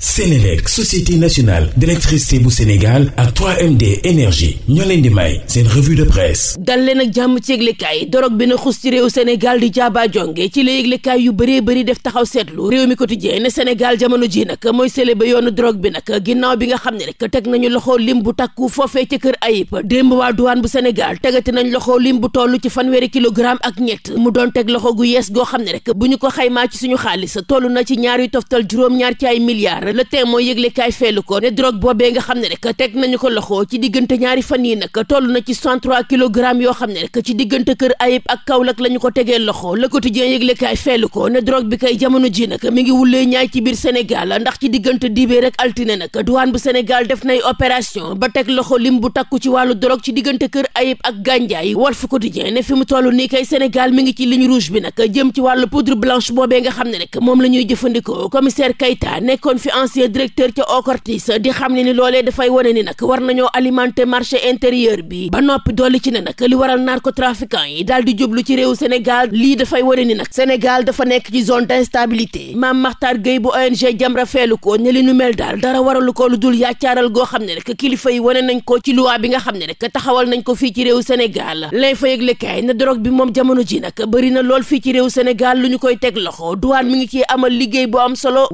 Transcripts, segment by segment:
Sénélec société nationale d'électricité bu Sénégal ak 3MD énergie ñoo leen di may seen revue de presse dal leen ak jàmm ci yëglekaay dorog bi na xus ci réew Sénégal di jaaba jonge ci la yëglekaay yu bëree bëri def taxaw seetlu réew mi quotidien ne Sénégal jamono ji nag mooy sele ba yoonu dorog bi nag ginnaaw bi nga xam ne rek teg nañu loxo lim bu takku foofee ca kër ayib démb waa duwaan bu Sénégal tegati nañ loxo lim bu toll ci fanweeri kilogramme ak ñett mu doon teg loxo gu yees goo xam ne rek bu ñu ko xaymaa ci suñu xaalis toll na ci ñaar yu toftal ci ay milliards le témoin yëgle kaay feelu ko ne drogue boobee nga xam ne rek teg nañu ko loxo ci diggante ñaari fan yi nag toll na ci 103 kilogrammes yoo xam ne rek ci diggante kër ayib ak Kaolack la ñu ko tegee loxo le quotidien yëgle kaay feelu ko ne drogue bi kay jamono ji nag mi ngi wulee ñaay ci biir Sénégal ndax ci diggante dibéer rek altine nag douane bu Sénégal def nay opération ba teg loxo lim bu takku ci wàllu drogue ci diggante kër ayib ak gànjaay Walf Quotidien ne fi mu toll nii kay Sénégal mi ngi ci ligne rouge bi nag jëm ci wàllu poudre blanche boobee nga xam ne rek moom la ñuy jëfandikoo commissaire Keita nekkoon fi ancien directeur ca OCRTIS di xam ne ni loolee dafay wane ni nag war nañoo alimenter marché intérieur bi ba noppi dolli ci ne nag li waral narcotrafiquant yi daal di jublu ci réewu Sénégal lii dafay wane ni nag Sénégal dafa nekk ci zone d'instabilité Mame Makhtar Gueye bu ONG Jamra feelu ko ne li nu mel daal dara waralu ko lu dul yaacaaral goo xam ne rek kilifa yi wane nañ ko ci luwaa bi nga xam ne rek taxawal nañ ko fii ci réew Sénégal lay fa yëglekaay na drogue bi moom jamono ji nag bëri na lool fii ci réewu Sénégal lu ñu koy teg loxo douane mi ngi ciy amal am solo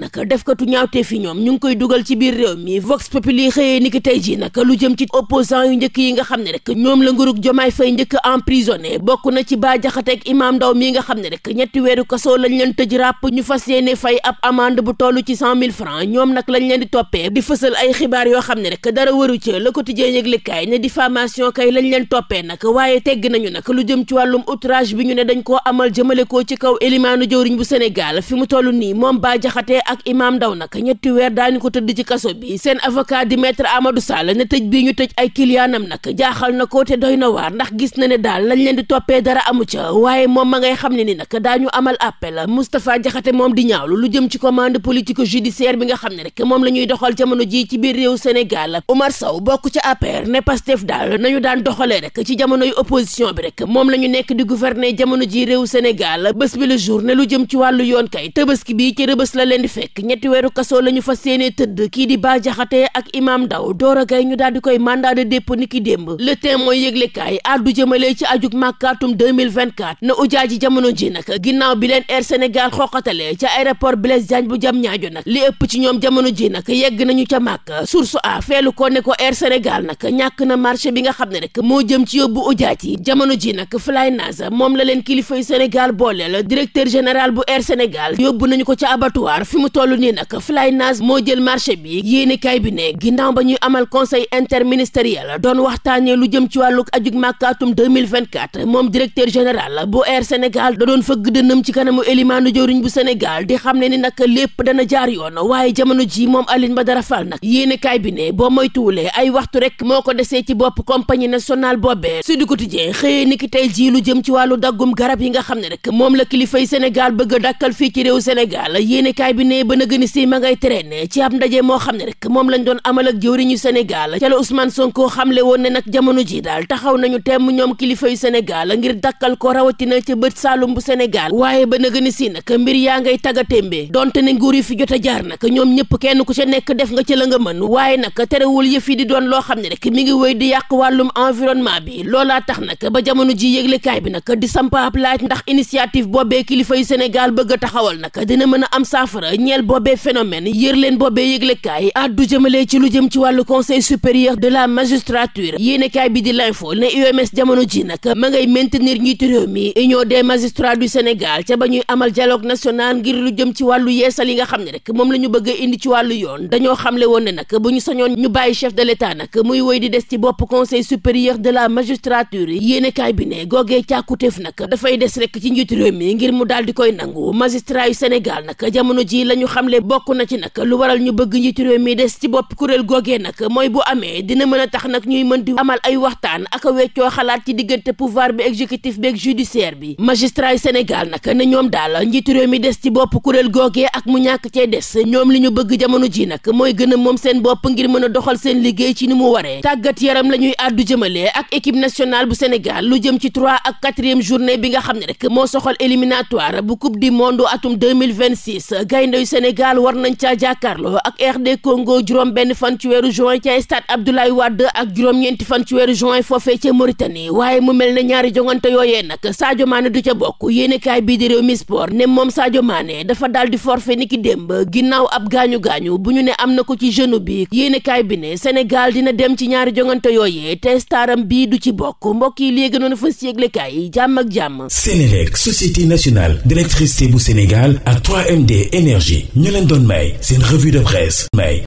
nag def katu ñaawtee fi ñoom ñu ngi koy dugal ci biir réew mi vox lii xëyee ni ki tey ji nag lu jëm ci opposant yu njëkk yi nga xam ne rek ñoom la ngurug jomaay fay njëkk emprisonné bokk na ci baa jaxate ak imaam ndaw mi nga xam ne rek ñetti weeru kasoo lañ leen tëj ràpp ñu fas yéene fay ab amende bu toll ci cent mille francs ñoom nag lañ leen di toppee di fësal ay xibaar yoo xam ne rek dara waru ci le quotidien yëglekaay ne diffamation kay lañ leen toppee nag waaye tegg nañu nag lu jëm ci wàllum outrage bi ñu ne dañ koo amal jëmale ko ci kaw élimaanu jëwriñ bu Sénégal fi mu toll nii moom baa ak imaam ndaw nag ñetti weer daañu ko tëdd ci kaso bi seen avocat di maître Amadou Sall ne tëj bii ñu tëj ay kiliyaanam nag jaaxal na ko te doy na waar ndax gis na ne daal lañ leen di toppee dara amu ca waaye moom ma ngay xam ne ni nag daañu amal appel Moustapha Diakhaté moom di ñaawlu lu jëm ci commande politique judiciaire bi nga xam ne rek moom la ñuy doxal jamono ji ci biir réew Sénégal Omar Sow bokk ca APR ne Pastef daal nañu daan doxalee rek bi rek la ñu nekk di gouverner jamono ji réew Sénégal lu jëm ci wàllu yoon kay tëbaski bi fekk ñetti weeru kaso la ñu fas yéene tëdd kii di Bah Diakhaté ak imam Ndao Doro Gaye ñu daal di koy mandat de dépôt ni ki démb le Témoin yëglekaay addu jëmale ci ajug màkkaatum 2024 na ujaaji jamono ji nag ginnaaw bi leen Air Sénégal xooqatale ca aéroport Blaise Diagne bu jam ñaajo nag li ëpp ci ñoom jamono ji nag yegg nañu ca màkk source a feelu ko ne ko Air Sénégal nag ñàkk na marché bi nga xam ne rek moo jëm ci yóbbu ujaaj yi jamono ji nag Flynas moom la leen kilifay Sénégal booleel directeur général bu Sénégal yóbbu nañu ko toll nii nag FlyNAS moo jël marché bi yéenekaay bi ne ginnaaw ba ñuy amal conseil interministériel doon waxtaanee lu jëm ci wàllu ajug màkkaatum 2024 moom directeur général bu Air Sénégal da doon fëgg dënam ci kanamu élimaanu jëwriñ bu Sénégal di xam ne ni nag lépp dana jaar yoon waaye jamono ji moom ba Badara Fall nag yéenekaay bi ne boo moytuwulee ay waxtu rek moo ko desee ci bopp compagnie nationale boobee Sud Quotidien xëyee niki tey jii lu jëm ci wàllu daggum garab yi nga xam ne rek moom la kilifay Sénégal bëgg a fii ci réew Sénégal ne ba na gëni si ma ngay traîner ci ab ndaje moo xam ne rek moom lañ doon amal ak jëwriñu Sénégal ca la Ousmane Sonko xamle woon ne nag jamono ji daal taxaw nañu temm ñoom kilifa yu Sénégal ngir dakkal ko rawatina ca bët saalum bu Sénégal waaye ba na gëni si nag mbir yaa ngay tagatémbee donte ne nguur yi fi jot a jaar nag ñoom ñëpp kenn ku ca nekk def nga ca la nga mën waaye nag terewul yëf yi di doon loo xam ne rek mi ngi wéy di yàq wàllum environnement bi loolaa tax nag ba jamono ji yëglekaay bi nag di samp ab laaj ndax initiative boobee kilifa yu Sénégal bëgg taxawal nag dina mën am ñeel boobee phénomène yër leen boobee yëglekaay addu jëmale ci lu jëm ci wàllu conseil supérieur de la magistrature yéenekaay bi di l'info ne UMS jamono ji nag ma ngay maintenir njiitu réew mi union des magistrats du Sénégal ca ba ñuy amal dialogue national ngir lu jëm ci wàllu yeesal yi nga xam ne rek moom la ñu bëgg a indi ci wàllu yoon dañoo xamle woon ne nag bu ñu sañoon ñu bàyyi chef de l'État nag muy woy di des ci bopp conseil supérieur de la magistrature yéenekaay bi ne googee càkkutéef nag dafay des rek ci njiitu réew ngir mu daal di koy nangu magistrat yu la ñu xamle bokk na ci nag lu waral ñu bëgg njiitu réew mi des ci bopp kuréel googee nag mooy bu amee dina mën a tax nag ñuy mën di amal ay waxtaan ak weccoo xalaat ci diggante pouvoir bi exécutif bi ak judiciaire bi magistrat yi Sénégal nag ne ñoom daal njiitu réew mi des ci bopp kuréel googe ak mu ñàkk cee des ñoom li ñu bëgg jamono ji nag mooy gën a moom seen bopp ngir mën a doxal seen liggéey ci ni mu waree tàggat yaram la ñuy àddu jëmale ak équipe nationale bu Sénégal lu jëm ci trois ak quatrième journée bi nga xam ne rek moo soxal éliminatoire bu coupe du monde atum deux mille vingt six gaynde yu war nañ caa jàkkaarloo ak RD Congo juróom benn fan ci weeru juin ca stade Abdoulaye Wade ak juróom-ñeenti fan ci weeru juin foofee ca Mauritanie waaye mu mel na ñaari jongante yooyee nag Sadio Mané du ca bokk yéenekaay bii di réew mi sport ne moom Sadio Mané dafa daal di forfait ni ki démb ginnaaw ab gaañu-gaañu bu ñu ne am na ko ci genou bi yéenekaay bi ne senegal dina dem ci ñaari jongante yooyee te staram bii du ci bokk mbokk yi léegi noonu fa yéglekaay yi jàmm ak jàmm Sénélec société nationale d'électricité bu Sénégal ak md énergie énergie ñu leen doon may seen revue de presse may